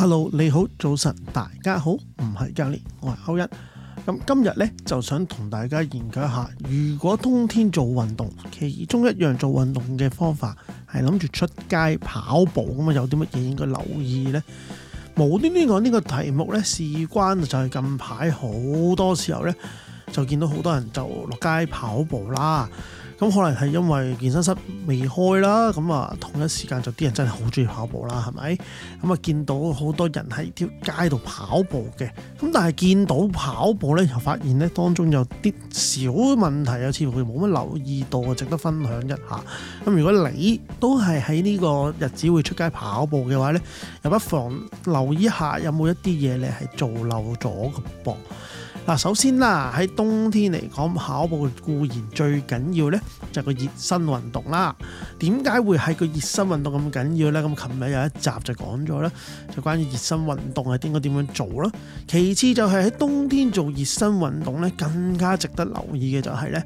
Hello，你好，早晨，大家好，唔係教練，我係 Owen。咁今日呢，就想同大家研究一下，如果冬天做運動，其中一樣做運動嘅方法係諗住出街跑步，咁啊有啲乜嘢應該留意呢？無端端講呢個題目呢，事關就係近排好多時候呢，就見到好多人就落街跑步啦。咁可能係因為健身室未開啦，咁啊同一時間就啲人真係好鍾意跑步啦，係咪？咁啊見到好多人喺條街度跑步嘅，咁但係見到跑步咧，又發現咧當中有啲小問題，有似乎冇乜留意到，值得分享一下。咁如果你都係喺呢個日子會出街跑步嘅話咧，又不妨留意一下有冇一啲嘢你係做漏咗咁噃。首先啦，喺冬天嚟講，跑步固然最緊要呢，就係個熱身運動啦。點解會係個熱身運動咁緊要呢？咁琴日有一集就講咗啦，就關於熱身運動係應該點樣做啦。其次就係、是、喺冬天做熱身運動呢，更加值得留意嘅就係、是、呢：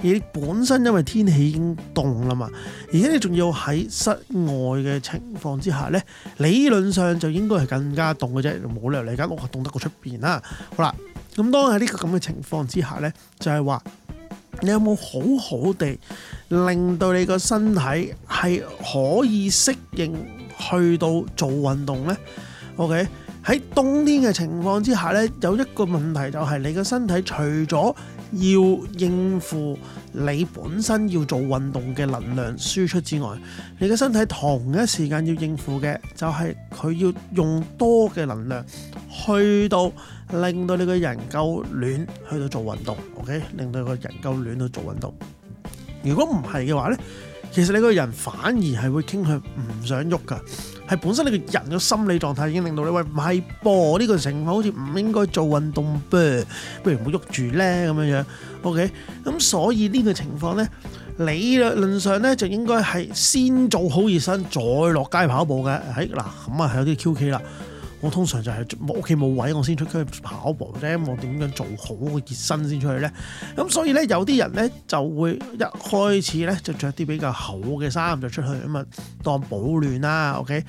你本身因為天氣已經凍啦嘛，而且你仲要喺室外嘅情況之下呢，理論上就應該係更加凍嘅啫，冇理由你間屋係凍得過出邊啦。好啦。咁當喺呢個咁嘅情況之下呢，就係話你有冇好好地令到你個身體係可以適應去到做運動呢？OK，喺冬天嘅情況之下呢，有一個問題，就係你個身體除咗要應付你本身要做運動嘅能量輸出之外，你嘅身體同一時間要應付嘅就係佢要用多嘅能量去到令到你個人夠暖去到做運動，OK？令到個人夠暖去到做運動。如果唔係嘅話呢，其實你個人反而係會傾向唔想喐噶，係本身你個人嘅心理狀態已經令到你喂，唔係噃，呢個情況好似唔應該做運動噃，不如唔好喐住咧，咁樣樣。OK，咁所以呢個情況咧，理論上咧就應該係先做好熱身再落街跑步嘅。喺嗱咁啊，係有啲 QK 啦。我通常就係屋企冇位，我先出去跑步啫。我點樣做好個熱身先出去咧？咁所以咧，有啲人咧就會一開始咧就着啲比較厚嘅衫就出去，咁啊當保暖啦。OK，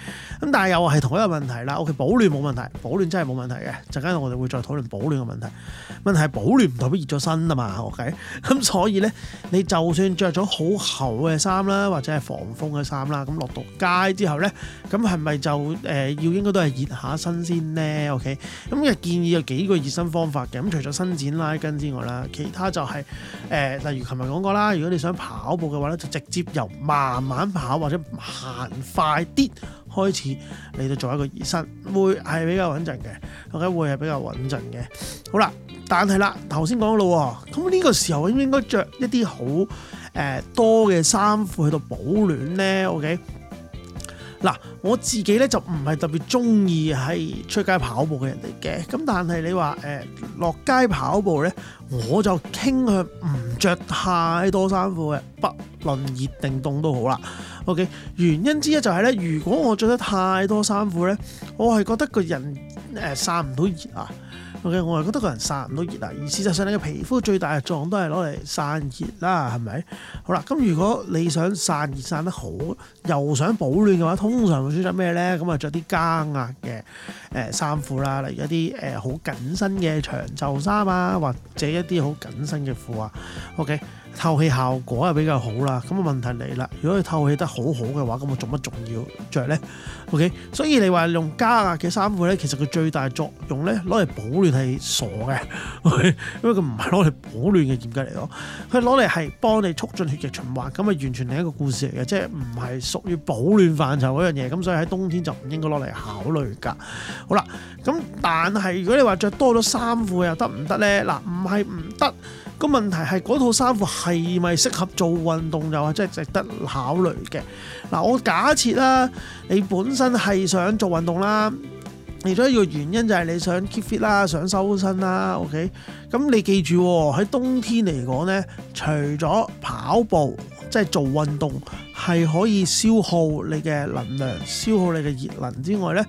咁但係又係同一個問題啦。OK，保暖冇問題，保暖真係冇問題嘅。陣間我哋會再討論保暖嘅問題。問題係保暖唔代表熱咗身啊嘛，OK，咁所以咧，你就算着咗好厚嘅衫啦，或者係防風嘅衫啦，咁落到街之後咧，咁係咪就要、呃、應該都係熱下？新鮮呢，OK，咁嘅建議有幾個熱身方法嘅，咁除咗伸展拉筋之外啦，其他就係、是呃、例如琴日講過啦，如果你想跑步嘅話咧，就直接由慢慢跑或者行快啲開始嚟到做一個熱身，會係比較穩陣嘅，OK，會會係比較穩陣嘅。好啦，但係啦，頭先講到喎，咁呢個時候應唔應該着一啲好、呃、多嘅衫褲喺度保暖呢，OK。嗱，我自己咧就唔係特別中意係出街跑步嘅人嚟嘅，咁但係你話誒落街跑步咧，我就傾向唔着太多衫褲嘅，不論熱定凍都好啦。OK，原因之一就係、是、咧，如果我着得太多衫褲咧，我係覺得個人誒散唔到熱啊。O.K. 我係覺得個人散唔到熱啦，而事實上你嘅皮膚最大嘅作用都係攞嚟散熱啦，係咪？好啦，咁如果你想散熱散得好，又想保暖嘅話，通常會選擇咩咧？咁啊，着啲加壓嘅誒衫褲啦，例如一啲誒好緊身嘅長袖衫啊，或者一啲好緊身嘅褲啊。O.K. 透氣效果又比較好啦，咁啊問題嚟啦。如果佢透氣得好好嘅話，咁我做乜仲要着咧？O K，所以你話用加壓嘅衫褲咧，其實佢最大作用咧，攞嚟保暖係傻嘅，okay？因為佢唔係攞嚟保暖嘅。嚴格嚟講，佢攞嚟係幫你促進血液循環，咁啊完全另一個故事嚟嘅，即係唔係屬於保暖範疇嗰樣嘢。咁所以喺冬天就唔應該攞嚟考慮㗎。好啦，咁但係如果你話着多咗衫褲又得唔得咧？嗱，唔係唔得。不個問題係嗰套衫褲係咪適合做運動又係真係值得考慮嘅？嗱，我假設啦，你本身係想做運動啦，其中一個原因就係你想 keep fit 啦，想收身啦。OK，咁你記住喺冬天嚟講呢，除咗跑步即係做運動係可以消耗你嘅能量、消耗你嘅熱能之外呢。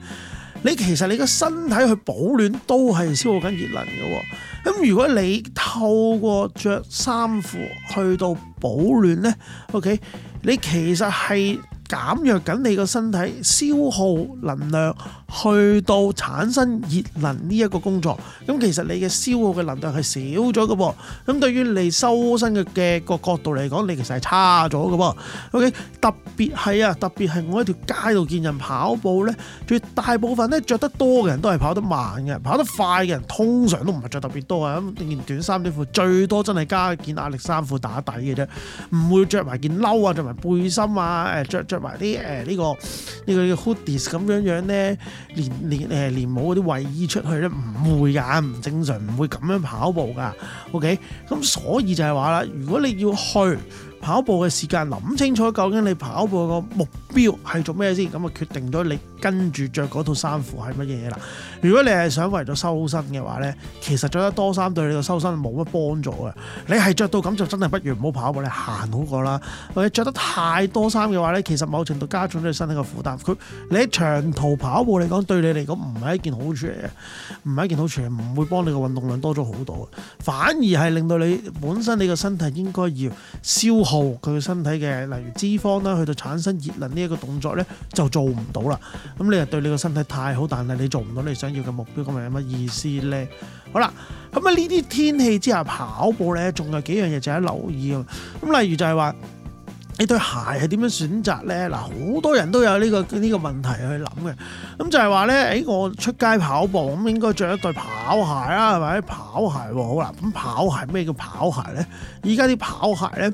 你其實你個身體去保暖都係消耗緊熱能嘅喎，咁如果你透過着衫褲去到保暖呢，OK，你其實係減弱緊你個身體消耗能量。去到產生熱能呢一個工作，咁其實你嘅消耗嘅能量係少咗嘅噃。咁對於你修身嘅嘅個角度嚟講，你其實係差咗嘅喎。OK，特別係啊，特別係我喺條街度見人跑步咧，最大部分咧着得多嘅人都係跑得慢嘅，跑得快嘅人通常都唔係着特別多啊，咁件短衫短褲最多真係加件壓力衫褲打底嘅啫，唔會着埋件褸啊，着埋背心啊，誒著著埋啲誒呢個呢個 hoodies 咁樣樣咧。連連誒連帽嗰啲衞衣出去咧，唔會㗎，唔正常，唔會咁樣跑步㗎。OK，咁所以就係話啦，如果你要去跑步嘅時間，諗清楚究竟你跑步個目標係做咩先，咁啊決定咗你。跟住着嗰套衫褲係乜嘢啦？如果你係想為咗修身嘅話咧，其實着得多衫對你嘅修身冇乜幫助嘅。你係着到咁就真係不如唔好跑步，你行好過啦。或者着得太多衫嘅話咧，其實某程度加重咗你嘅身體嘅負擔。佢你喺長途跑步嚟講，對你嚟講唔係一件好處嚟嘅，唔係一件好處嚟，唔會幫你嘅運動量多咗好多。反而係令到你本身你嘅身體應該要消耗佢嘅身體嘅，例如脂肪啦，去到產生熱能呢一個動作咧，就做唔到啦。咁你又對你個身體太好，但係你做唔到你想要嘅目標，咁係乜意思咧？好啦，咁啊呢啲天氣之下跑步咧，仲有幾樣嘢就要留意咁、啊、例如就係話，你對鞋係點樣選擇咧？嗱，好多人都有呢、呢個呢、呢個問題去諗嘅。咁就係話咧，誒我出街跑步咁應該着一對跑鞋啊，係咪？跑鞋、啊、好啦，咁跑鞋咩叫跑鞋咧？依家啲跑鞋咧，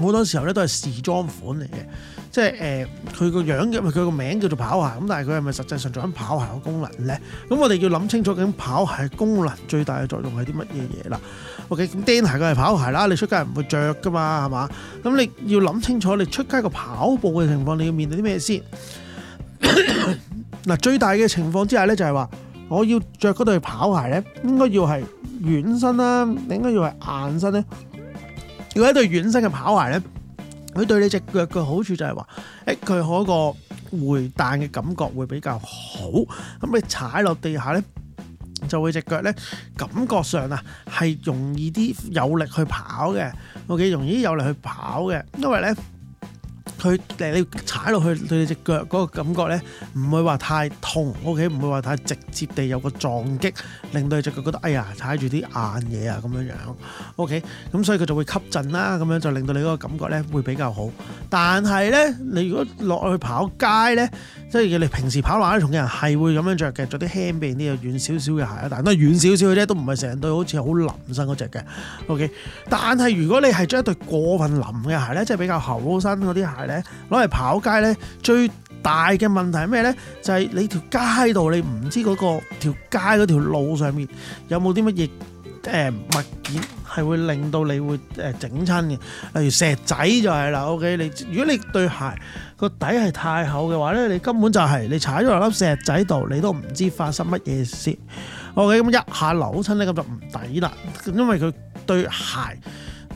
好多時候咧都係時裝款嚟嘅。即係誒，佢、呃、個樣嘅，咪佢個名叫做跑鞋咁，但係佢係咪實際上做緊跑鞋嘅功能咧？咁我哋要諗清楚，究竟跑鞋功能最大嘅作用係啲乜嘢嘢啦？OK，咁釘鞋佢係跑鞋啦，你出街唔會着噶嘛，係嘛？咁你要諗清楚，你出街個跑步嘅情況，你要面對啲咩先？嗱， 最大嘅情況之下咧，就係話我要着嗰對跑鞋咧，應該要係軟身啦，定應該要係硬身咧，要一對軟身嘅跑鞋咧。佢對你隻腳嘅好處就係話，佢、欸、嗰個回彈嘅感覺會比較好。咁你踩落地下咧，就會隻腳咧感覺上啊係容易啲有力去跑嘅，我記容易啲有力去跑嘅，因為咧。佢你踩落去對你隻腳嗰個感覺咧，唔會話太痛，OK，唔會話太直接地有個撞擊，令到你隻腳覺得哎呀踩住啲硬嘢啊，咁樣樣，OK，咁所以佢就會吸震啦，咁樣就令到你嗰個感覺咧會比較好。但係咧，你如果落去跑街咧，即係你平時跑馬拉松嘅人係會咁樣着嘅，着啲輕便啲、軟少少嘅鞋啊，但係都係軟少少嘅啫，都唔係成對好似好腍身嗰隻嘅，OK。但係如果你係著一對過分腍嘅鞋咧，即係比較厚身嗰啲鞋咧。攞嚟跑街咧，最大嘅問題係咩咧？就係、是、你條街度，你唔知嗰、那個條街嗰條路上面有冇啲乜嘢誒物件係會令到你會誒整親嘅。例如石仔就係啦。OK，你如果你對鞋個底係太厚嘅話咧，你根本就係、是、你踩咗落粒石仔度，你都唔知發生乜嘢事。OK，咁一下扭親咧，咁就唔抵啦，因為佢對鞋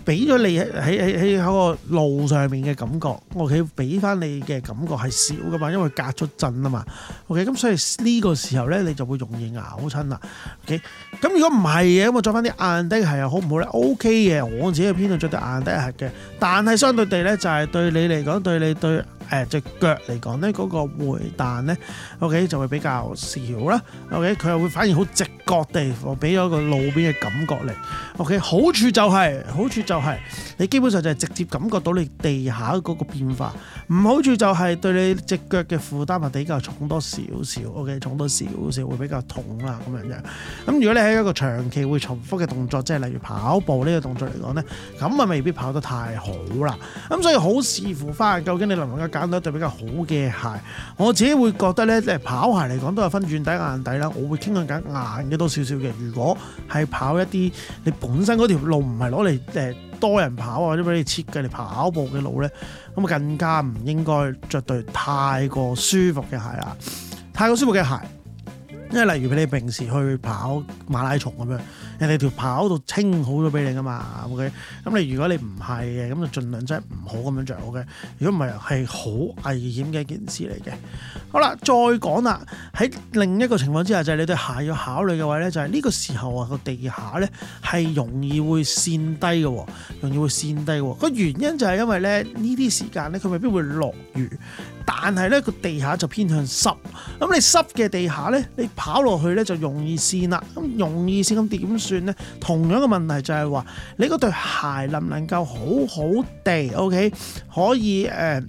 俾咗你喺喺喺喺嗰個路上面嘅感覺，我 k 俾翻你嘅感覺係少噶嘛，因為隔出震啊嘛，OK，咁所以呢個時候咧你就會容易咬親啦。OK，咁如果唔係嘅，咁我再翻啲硬底鞋好唔好咧？OK 嘅，我自己嘅偏度着對硬底鞋嘅，但係相對地咧就係對你嚟講，對你對。誒、呃，對、就是、腳嚟講咧，嗰、那個回彈咧，OK 就會比較少啦。OK，佢又會反而好直覺地俾咗個路面嘅感覺嚟。OK，好處就係、是，好處就係你基本上就係直接感覺到你地下嗰個變化。唔好處就係對你隻腳嘅負擔係比較重多少少。OK，重多少少會比較痛啦咁樣樣。咁如果你喺一個長期會重複嘅動作，即係例如跑步呢個動作嚟講咧，咁啊未必跑得太好啦。咁所以好視乎翻究竟你能唔能夠，揀到對比較好嘅鞋，我自己會覺得咧，即係跑鞋嚟講都有分軟底硬底啦。我會傾向揀硬嘅多少少嘅。如果係跑一啲你本身嗰條路唔係攞嚟誒多人跑或者俾你設計嚟跑步嘅路咧，咁更加唔應該着對太過舒服嘅鞋啦。太過舒服嘅鞋。因為例如你平時去跑馬拉松咁樣，人哋條跑道清好咗俾你噶嘛，OK？咁你如果你唔係嘅，咁就盡量真係唔好咁樣着。OK。如果唔係，係好危險嘅一件事嚟嘅。好啦，再講啦，喺另一個情況之下就係、是、你對鞋要考慮嘅話咧，就係、是、呢個時候啊，個地下咧係容易會跣低嘅，容易會跣低個原因就係因為咧，呢啲時間咧佢未必會落雨。但係咧，個地下就偏向濕，咁你濕嘅地下咧，你跑落去咧就容易跣啦。咁容易跣咁點算咧？同樣嘅問題就係話，你嗰對鞋能唔能夠好好地？OK，可以，呃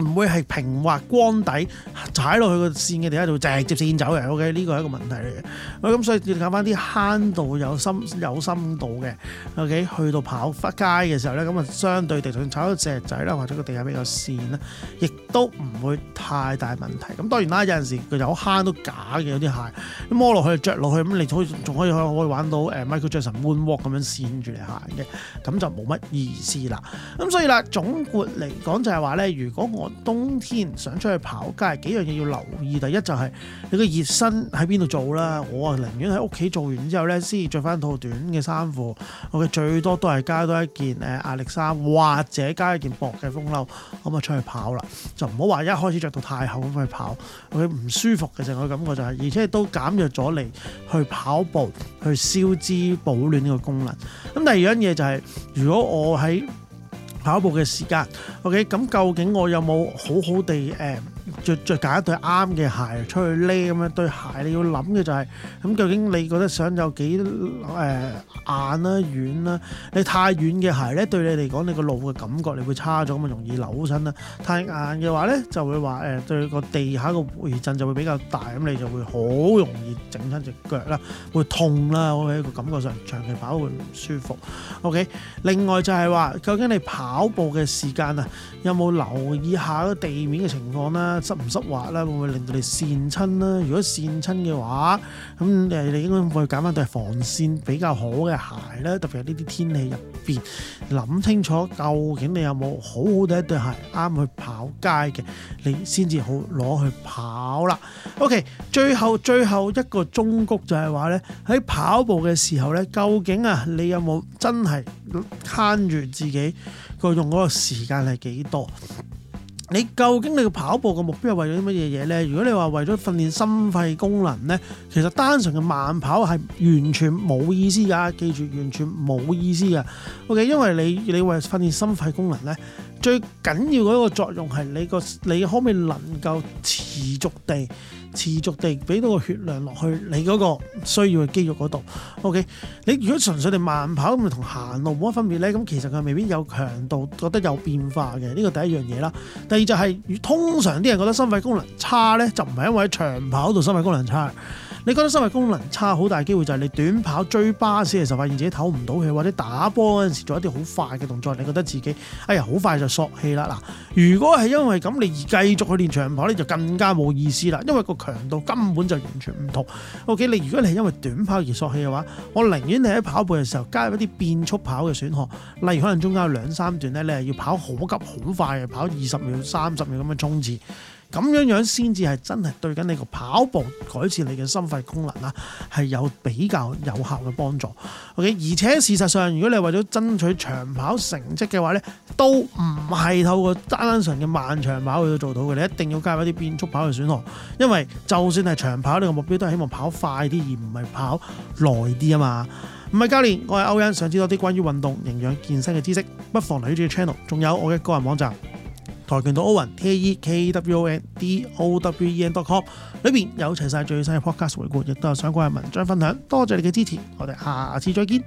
唔會係平滑光底踩落去個線嘅地下度，直接線走嘅。O.K. 呢個係一個問題嚟嘅。咁所以要搞翻啲慳度有，有深有深度嘅。O.K. 去到跑翻街嘅時候咧，咁啊相對地，就算踩到石仔啦，或者個地下比較線啦，亦都唔會太大問題。咁當然啦，有陣時佢有好慳都假嘅，有啲鞋摸落去，着落去，咁你可以仲可以可以玩到誒 Michael Jackson Moonwalk 咁樣線住嚟行嘅，咁就冇乜意思啦。咁所以啦，總括嚟講就係話咧，如果我冬天想出去跑街，幾樣嘢要留意。第一就係你個熱身喺邊度做啦。我啊寧願喺屋企做完之後呢，先至着翻套短嘅衫褲。我嘅最多都係加多一件誒壓力衫，或者加一件薄嘅風褸，咁啊出去跑啦。就唔好話一開始着到太厚咁去跑，佢唔舒服嘅。成我感覺就係，而且都減弱咗你去跑步去消脂保暖呢個功能。咁第二樣嘢就係、是，如果我喺跑步嘅時間 o k 咁究竟我有冇好好地誒？著著揀一對啱嘅鞋出去呢，咁樣，對鞋你要諗嘅就係、是、咁，究竟你覺得想有幾、呃、硬啦、啊、軟啦、啊？你太軟嘅鞋咧，對你嚟講，你個路嘅感覺你會差咗，咁啊容易扭親啦。太硬嘅話咧，就會話、呃、對個地下個回震就會比較大，咁你就會好容易整親隻腳啦，會痛啦。會、那、喺個感覺上長期跑會唔舒服。O、okay? K，另外就係話，究竟你跑步嘅時間啊，有冇留意下個地面嘅情況啦？唔濕滑啦，會唔會令到你跣親啦？如果跣親嘅話，咁你你應該會揀翻對防跣比較好嘅鞋啦。特別係呢啲天氣入邊，諗清楚究竟你有冇好好地一對鞋啱去跑街嘅，你先至好攞去跑啦。OK，最後最後一個忠告就係話咧，喺跑步嘅時候咧，究竟啊，你有冇真係慳住自己個用嗰個時間係幾多？你究竟你嘅跑步嘅目標係為咗啲乜嘢嘢呢？如果你話為咗訓練心肺功能呢，其實單純嘅慢跑係完全冇意思噶，記住完全冇意思噶。O.K.，因為你你為訓練心肺功能呢。最緊要嗰一個作用係你個，你可唔可以能夠持續地、持續地俾到個血量落去你嗰個需要嘅肌肉嗰度？OK，你如果純粹地慢跑咁，咪同行路冇乜分別呢？咁其實佢未必有強度，覺得有變化嘅呢個第一樣嘢啦。第二就係、如、通常啲人覺得心肺功能差呢，就唔係因為喺長跑度心肺功能差。就不是因為你覺得心肺功能差，好大機會就係你短跑追巴士嘅時候，發現自己唞唔到氣，或者打波嗰陣時做一啲好快嘅動作，你覺得自己哎呀好快就索氣啦嗱。如果係因為咁你而繼續去練長跑咧，就更加冇意思啦，因為個強度根本就完全唔同。OK，你如果你係因為短跑而索氣嘅話，我寧願你喺跑步嘅時候加入一啲變速跑嘅選項，例如可能中間有兩三段咧，你係要跑好急好快嘅跑二十秒、三十秒咁樣衝刺。咁樣樣先至係真係對緊你個跑步改善你嘅心肺功能啦，係有比較有效嘅幫助。OK，而且事實上，如果你係為咗爭取長跑成績嘅話呢，都唔係透過單純嘅慢長跑去做到嘅，你一定要加入一啲變速跑嘅選項。因為就算係長跑，你個目標都係希望跑快啲，而唔係跑耐啲啊嘛。唔係教練，我係歐恩，想知道多啲關於運動營養健身嘅知識，不妨嚟住個 channel，仲有我嘅個人網站。跆拳道歐文 T A E K W O N D O W E N dot com 裏面有齊晒最新嘅 podcast 回顧，亦都有相關嘅文章分享。多謝你嘅支持，我哋下次再見。